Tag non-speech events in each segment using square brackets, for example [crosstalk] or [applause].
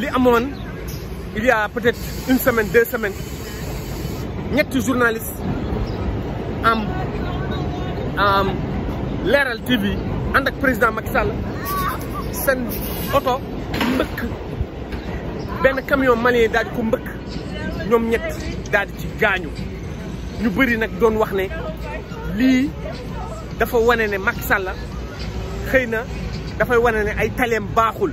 li amoon il y a peut-être une semaine de semaine ñetti journaliste am am leeral TV ànd ak président Macky Sall seen oto benn camion malien daaj di ko ñoom ñett daal di ci gaañu ñu bëri nag doon wax ne lii dafa wane ne Macky Sall xëy na dafay wane ne ay taleem baaxul.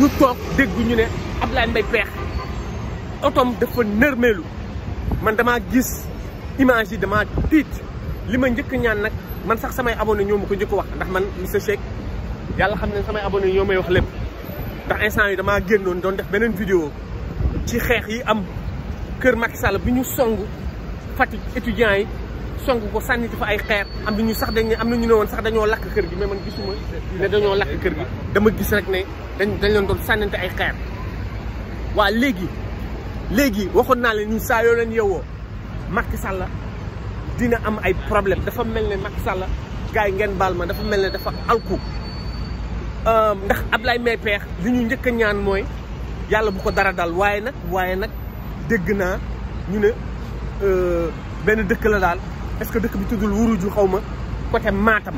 ñu toog dégg ñu ne Ablaye Mbaye Pekh otom dafa nërmeelu man damaa gis image yi damaa tiit li ma njëkk ñaan nag man sax samay abonné ñoo ma ko njëkk wax ndax man monsieur Cheikh yàlla xam ne samay abonné ñoo may wax lépp ndax instant yi damaa génnoon doon def beneen vidéo ci xeex yi am kër Macky bi ñu song Fatick étudiants yi song ko sànni ci fa ay xeer am na ñu sax dañ am na ñu ne woon sax dañoo lakk kër gi mais man gisuma ne dañoo lakk kër gi dama gis rek ne dañ dañ leen doon sànnante ay xeer waa léegi léegi waxoon naa leen ñu saa yoo leen yeewoo Macky Sall dina am ay problème dafa mel ne Macky Sall gars yi ngeen baal ma dafa mel ne dafa alku euh, ndax Ablaye Mbaye Pekh li ñu njëkk a ñaan mooy yàlla bu ko dara daal waaye nag waaye nag dégg naa ñu ne euh, benn dëkk la daal est-ce que dëkk bi tuddul wuruju xaw ma côté Matam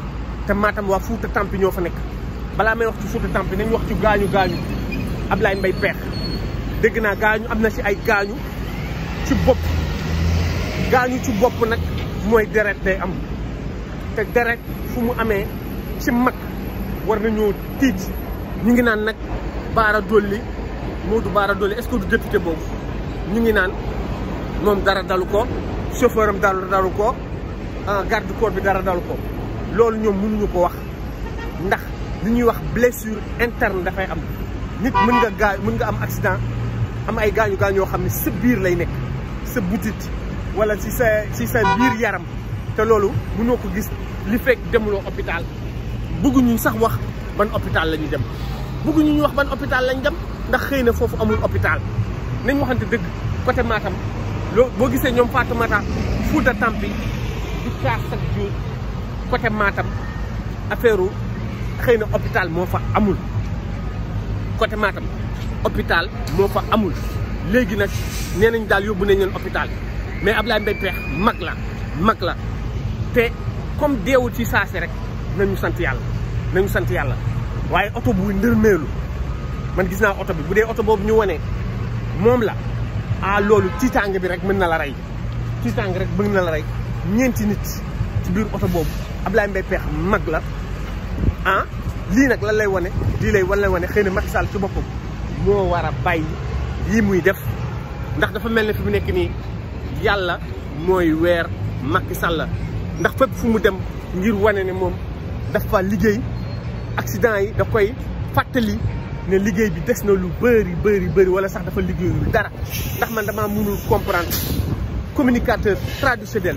te maatam waa Fuuta Tampi ñoo fa nekk balaa may wax ci Fuuta Tampi nañ wax ci gaañu gaañu Ablaye Mbaye Peex dégg naa gaañu am na si ay gaañu ci bopp gaañu ci bopp nag mooy deret day am te deret fu mu amee ci mag war nañoo tiit ñu ngi naan nag Baara Dolli Modou Baara Dolli est du député boobu ñu ngi naan moom dara dalu ko chauffeur dalu dalu ko garde corps bi dara dal ko loolu ñoom mënuñu ko wax ndax li ñuy wax blessure interne dafay am nit mën nga gaa mën nga am accident am ay gaañu gaañoo xam ne sa biir lay nekk sa butit wala ci sa ci sa biir yaram te loolu mënoo ko gis li fekk demuloo hopital bëgguñu sax wax ban hôpital la ñu dem bëgguñu ñu wax ban hôpital lañ dem ndax xëy na foofu amul hôpital nañ waxante dëgg côté Matam loo boo gisee ñoom Fatoumata Fouta Tampi du caa chaque jour côté Matam affaire xëy na hôpital moo fa amul côté Matam hôpital moo fa amul léegi nag nee nañ daal yóbbu nañ leen hôpital mais ab Ablaye Mbaye Pekh mag la mag la te comme deewul ci saasi rek nañu sant yàlla nañu sant yàlla waaye oto bu ndërmeelu man gis naa oto bi bu dee oto boobu ñu wane moom la ah loolu tiitaange bi rek mën na la rey tiitaange rek mën na la rey ñeenti nit ci biir oto boobu Ablaye Mbaye Pekh mag la ah lii nag lan lay wane lii lay wan lay wane xëy na Macky Sall ci boppam moo war a bàyyi lii muy def ndax dafa mel ne fi mu nekk nii yàlla mooy weer Macky la ndax fépp fu mu dem ngir wane ne moom dafa liggéey accident yi da koy fàttali ne liggéey bi des na lu bëri bëri bëri wala sax dafa liggéeyul dara ndax man dama mënul comprendre communicateur traditionnel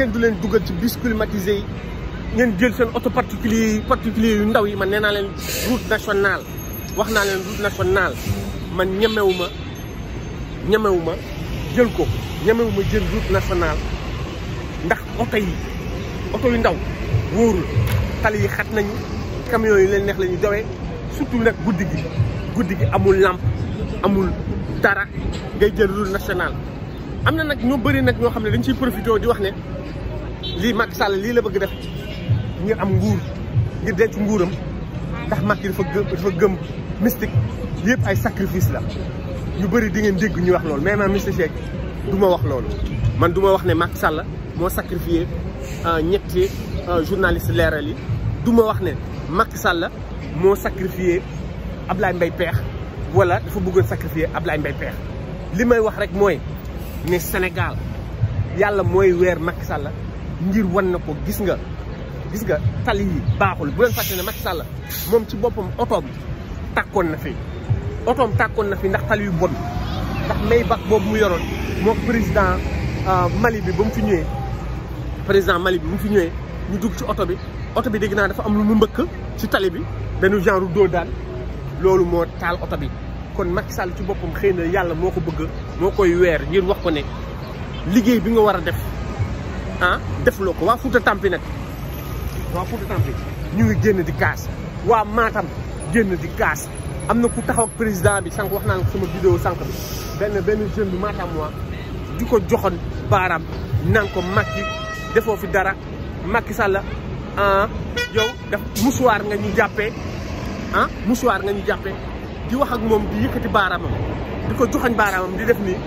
kenn du leen dugal ci bus climatisé yi ngeen jël seen oto particulier yi particulier yu ndaw yi man nee leen route nationale wax naa leen route nationale man ñemewu ma ñemewu ma jël ko ñemewu jël route nationale ndax oto yi oto yu ndaw wóorul tali yi xat nañu camions yi leen neex la ñu dawee surtout nag guddi gi guddi gi amul lampe amul dara ngay jël route nationale am na nag ñoo bari nag ñoo xam ne dañ ciy profité di wax ne lii Macky Sall lii la bëgg def ngir am nguur ngir denc nguuram ndax Macky dafa gëm dafa gëm mystique yëpp ay sacrifice la yu bëri di ngeen dégg ñu wax loolu mais man Mister Shake du ma wax loolu man du ma wax ne Macky Sall moo sacrifié euh, ñetti euh, journaliste leeral yi du ma wax ne Macky Sall moo sacrifié Ablaye Mbaye Peex wala dafa bëggoon sacrifié Ablaye Mbaye Peex li may wax rek mooy ne Sénégal yàlla mooy weer Macky Sall ngir wan na ko gis nga gis nga tali yi baaxul bu len fàtte ne Macky Sall moom ci bopam otoom takkon na fi otoom takkon na fi ndax tali yu bon ndax Maybach bobu mu yoron mo euh, président Mali bi ba mu fi ñewé président Mali bi mu fi ñewé ñu dugg ci auto bi auto bi dégg naa dafa am lu mu mbëkk ci tali bi benn genre doo daan loolu moo taal oto bi kon Macky Sall ci boppam xëy na yàlla moo ko bëgg moo koy weer ngir wax ko ne liggéey bi nga war a def ah defuloo ko waa Fouta Tampi nag waa Fouta Tampi ñu ngi génn di kaas waa maatam génn di kaas am na ku taxaw ak président bi sànq wax naa sama vidéo sànq bi benn benn jeune bi Matam waa di ko joxoon baaraam nan ko Macky defoo fi dara Macky Sall ah yow daf musuwaar nga ñu jàppee ah musuwaar nga ñu di wax ak moom di yëkkati baaraamam di ko joxoñ baaraamam di def nii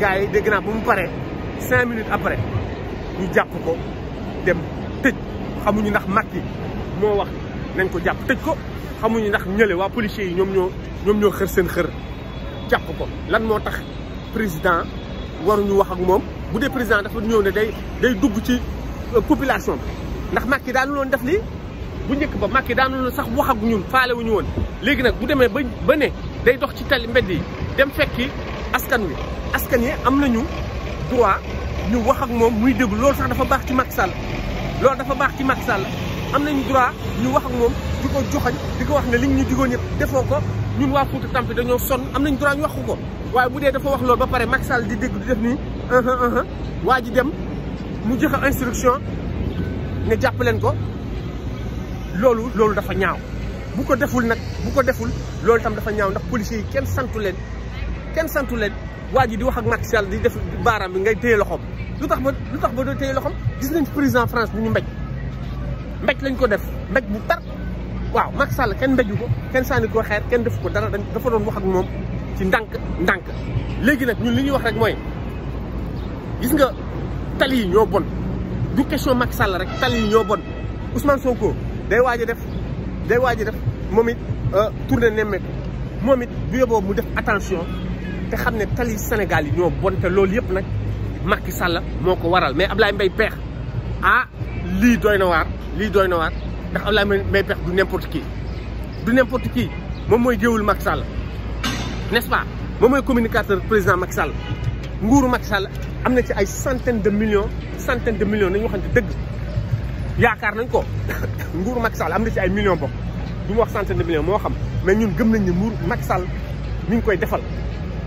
gars yi dégg naa ba mu paree cinq minutes après ñu jàpp ko dem tëj xamuñu ndax Macky moo wax nañ ko jàpp tëj ko xamuñu ndax ñële waa policiers yi ñoom ñoo ñoom ñoo xër seen xër jàpp ko lan moo tax président waruñu wax ak moom bu dee président dafa ñëw ne day day dugg ci euh, population bi ndax Macky daanu loon def lii bu njëkk ba Macky daanu loon sax wax ak ñun faale wu ñu woon léegi nag bu demee ba ba ne day dox ci tali mbedd yi dem fekki askan wi askan yi am nañu droit ñu wax ak moom muy déglu loolu sax dafa baax ci Macky loolu dafa baax ci Macky Sall am nañu droit ñu wax ak moom di ko joxañ di ko wax na li ñu digoon ñëpp defoo ko ñun waa Fouta Tampi dañoo sonn am nañ droit ñu wax ko waaye bu dee dafa wax loolu ba pare Macky Sall di dégg di def nii uh-huh, uh-huh. waa ji dem mu joxe instruction ne jàpp leen ko loolu loolu dafa ñaaw bu ko deful nag bu ko deful loolu tam dafa ñaaw ndax policiers yi kenn santu leen kenn santu leen. waa ji di wax ak Macky Sall di def baaraam bi ngay téye loxoom lu tax ba lu tax ba doo téye loxoom gis nañ président France bu ñu mbéj mbéj lañ ko def mbéj bu bar waaw Macky Sall kenn mbéju ko kenn sànni ko xeer kenn defu ko dara dafa doon wax ak moom ci ndànk ndànk léegi nag ñun li ñuy wax rek mooy gis nga tali yi ñoo bon du question Macky Sall rek tali yi ñoo bon Ousmane Sonko day waaj a def day waaj a def moom it euh, tourné nemmeeku moom it bu yóbboo mu def attention te xamné tali Sénégal yi ñoo bonté lool yépp nak Macky Sall moko waral mais Ablaye Mbaye père ah li doyna war li doyna war ndax Ablaye Mbaye père du n'importe qui du n'importe qui mom moy géewul Macky Sall n'est-ce pas moom mooy communicateur président Macky Sall nguuru Macky Sall amna ci ay centaine de millions centaine de millions nañu waxante deug yaakaar nañ ko [coughs] nguuru Macky Sall amna ci ay millions bok du ma wax centaine de millions mo xam mais ñun gëm nañ ni nguuru Macky Sall mi ngi koy defal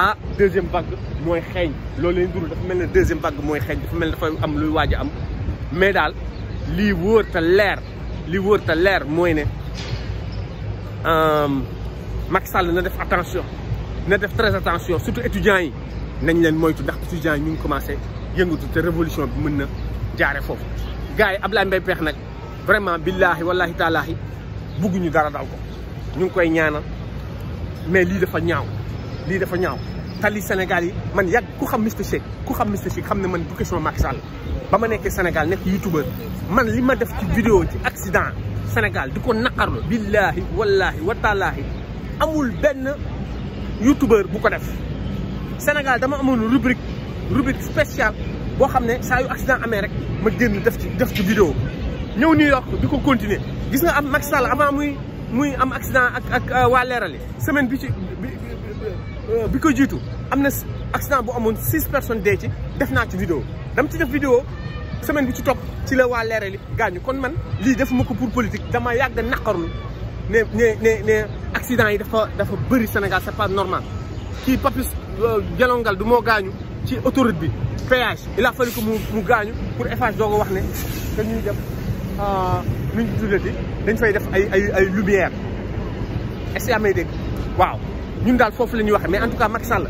ah deuxième vague moy xéñ loolu lañ dul dafa mel ne deuxième vague moy xéñ dafa mel ne dafa am luy waaj am mais daal lii wóor lèr li lii wóor te leer mooy ne euh, Macky Sall na def attention na def très attention surtout étudiants yi nañ leen moytu ndax étudiants ñu ngi commencé yëngatu te révolution bi mën na jaare foofu gars yi Mbaye Pekh nak vraiment billahi wallahi taalahi bugguñu dara dal ko ñu ngi koy ñaanal mais lii dafa ñaaw li dafa ñaaw tali Sénégal yi man yàgg ku xam mr Shake ku xam mr Shake xam ne man du question Macky Sall ba ma nekkee Sénégal nekk youtubeur man li ma def ci vidéo ci accident Sénégal di ko naqarlu wallahi wa wataalaahi amul benn youtubeur bu ko def Sénégal dama amoon rubrique rubrique spéciale boo xam ne saa yu accident amee rek ma génn def ci def ci vidéo ñëw New York di ko continuer gis nga am Macky Sall avant muy muy am accident ak ak waa leerali semaine bi ci Euh, bi ko jiitu am na accident bu amoon six personnes dee ci def naa ci vidéo dama ci def vidéo semaine bi ci top ci la waa leerali gaañu kon man lii defuma ko pour politique dama yàgg naqarlu ne ne ne accident yi dafa dafa bëri Sénégal c'est pas normal kii Papis Jalongal euh, du moo gaañu ci autoroute bi péage il a fallu que mu gaañu pour Eiffage doo ko wax ne te ñuy def euh, nu ñu tuddati dañ fay def ay ay ay lumière est-ce que waaw ñun daal foofu la ñuy waxee mais en tout cas Macky Sall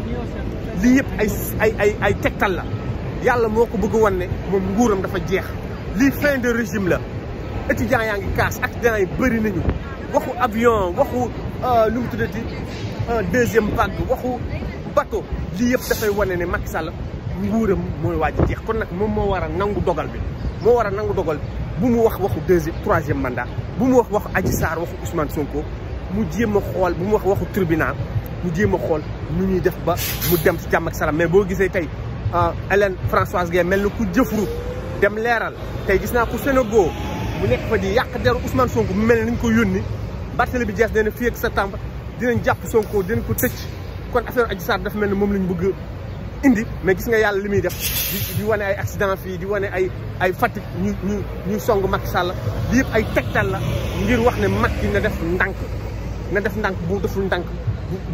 lii yëpp ay ay ay ay tegtal la yàlla moo ko bëgg a wan ne moom nguuram dafa jeex lii fin de régime la étudiants yaa ngi kaas accident yi bëri nañu waxu avion waxu euh, nu mu tuddati deuxième vague waxu bateau lii yëpp dafay wane ne Macky Sall nguuram mooy waaj jeex kon nag moom moo war a nangu dogal bi moo war nangu dogal bi bu mu wax waxu deuxième troisième mandat bu mu wax waxu Adji Sarr waxu Ousmane Sonko mu jéem a xool bu mu wax waxu tribunal mu jéem a xool nu ñuy def ba mu dem ci jàmm ak salaam mais boo gisee tey ah, Hélène Françoise Guèye mel na ku jëfru dem leeral tey gis naa ku Sénégal bu nekk fa di yàq deru Ousmane Sonko mu mel ne nañ ko yónni Barthélémy Dias nee na fii ak septembre dinañ jàpp Sonko dinañ ko tëj kon affaire Adji Sarr dafa mel ne moom lañ bëgg indi mais gis nga yàlla li muy def di wane ay accident fii di wane ay ay Fatick ñu ñu ñu song Macky yëpp ay tegtal la ngir wax ne Macky na def ndànk na def ndànk bu deful ndànk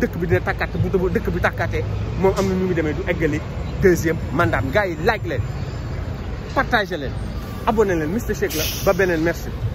dëkk bi dina tàkkaate bu dëkk bi tàkkaatee moom am na nu mu demee du eggali deuxième mandat gars yi like leen partager leen abonné leen Mister Shake la ba beneen merci